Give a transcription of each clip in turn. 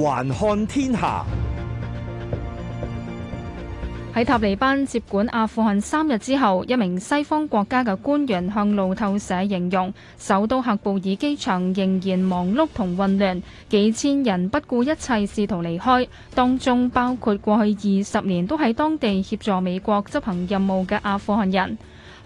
環看天下。喺塔利班接管阿富汗三日之後，一名西方國家嘅官員向路透社形容，首都喀布爾機場仍然忙碌同混亂，幾千人不顧一切試圖離開，當中包括過去二十年都喺當地協助美國執行任務嘅阿富汗人。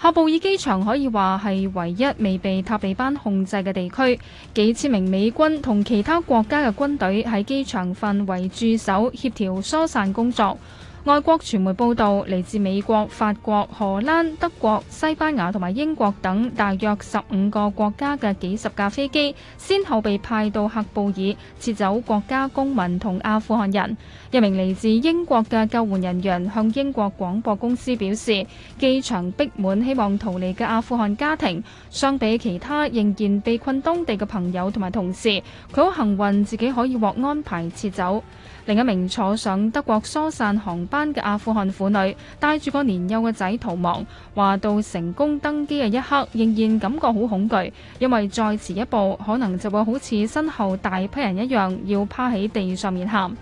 喀布爾機場可以話係唯一未被塔利班控制嘅地區，幾千名美軍同其他國家嘅軍隊喺機場範圍駐守，協調疏散工作。外國傳媒報道，嚟自美國、法國、荷蘭、德國、西班牙同埋英國等大約十五個國家嘅幾十架飛機，先後被派到喀布爾撤走國家公民同阿富汗人。一名嚟自英國嘅救援人員向英國廣播公司表示，機場逼滿希望逃離嘅阿富汗家庭。相比其他仍然被困當地嘅朋友同埋同事，佢好幸運自己可以獲安排撤走。另一名坐上德國疏散航班嘅阿富汗婦女，帶住個年幼嘅仔逃亡，話到成功登機嘅一刻，仍然感覺好恐懼，因為再遲一步，可能就會好似身後大批人一樣，要趴喺地上面喊。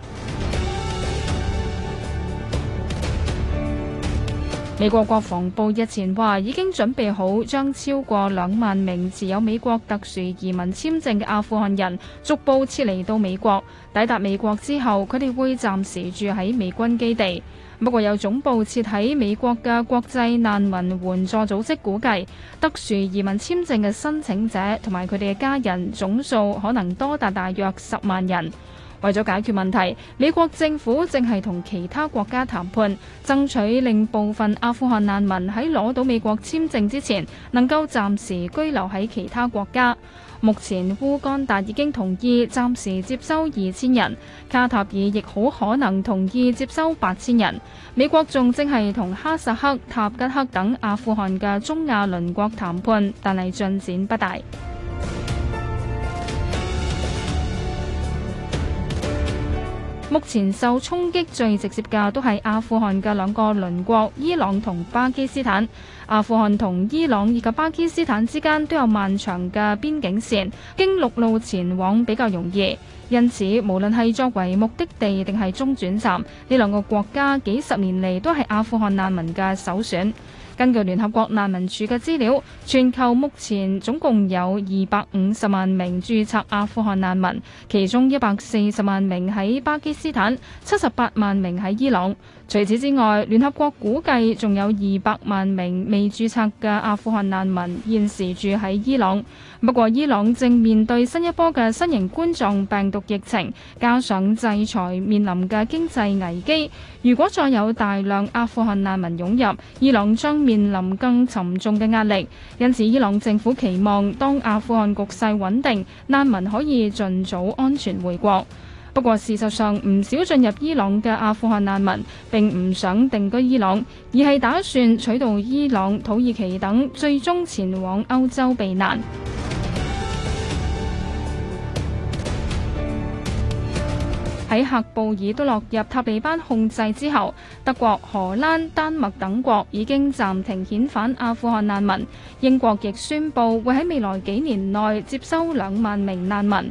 美國國防部日前話，已經準備好將超過兩萬名持有美國特殊移民簽證嘅阿富汗人逐步撤離到美國。抵達美國之後，佢哋會暫時住喺美軍基地。不過，有總部設喺美國嘅國際難民援助組織估計，特殊移民簽證嘅申請者同埋佢哋嘅家人總數可能多達大約十萬人。為咗解決問題，美國政府正係同其他國家談判，爭取令部分阿富汗難民喺攞到美國簽證之前，能夠暫時居留喺其他國家。目前烏干達已經同意暫時接收二千人，卡塔爾亦好可能同意接收八千人。美國仲正係同哈薩克、塔吉克等阿富汗嘅中亞鄰國談判，但係進展不大。目前受衝擊最直接嘅都係阿富汗嘅兩個鄰國伊朗同巴基斯坦。阿富汗同伊朗以及巴基斯坦之間都有漫長嘅邊境線，經陸路前往比較容易，因此無論係作為目的地定係中轉站，呢兩個國家幾十年嚟都係阿富汗難民嘅首選。根據聯合國難民署嘅資料，全球目前總共有二百五十萬名註冊阿富汗難民，其中一百四十萬名喺巴基斯坦，七十八萬名喺伊朗。除此之外，聯合國估計仲有二百萬名未註冊嘅阿富汗難民現時住喺伊朗。不過，伊朗正面對新一波嘅新型冠狀病毒疫情，加上制裁面臨嘅經濟危機，如果再有大量阿富汗難民湧入，伊朗將面面臨更沉重嘅壓力，因此伊朗政府期望當阿富汗局勢穩定，難民可以盡早安全回國。不過事實上，唔少進入伊朗嘅阿富汗難民並唔想定居伊朗，而係打算取道伊朗、土耳其等，最終前往歐洲避難。喺喀布爾都落入塔利班控制之後，德國、荷蘭、丹麥等國已經暫停遣返阿富汗難民。英國亦宣佈會喺未來幾年內接收兩萬名難民。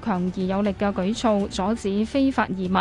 強而有力嘅舉措阻止非法移民。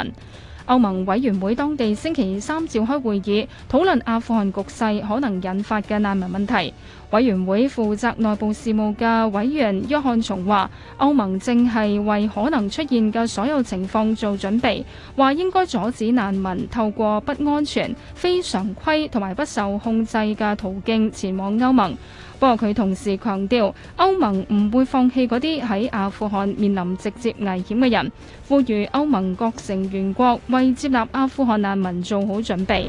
歐盟委員會當地星期三召開會議，討論阿富汗局勢可能引發嘅難民問題。委員會負責內部事務嘅委員約翰松話：歐盟正係為可能出現嘅所有情況做準備，話應該阻止難民透過不安全、非常規同埋不受控制嘅途徑前往歐盟。不過佢同時強調，歐盟唔會放棄嗰啲喺阿富汗面臨直接危險嘅人，呼籲歐盟各成員國為接納阿富汗難民做好準備。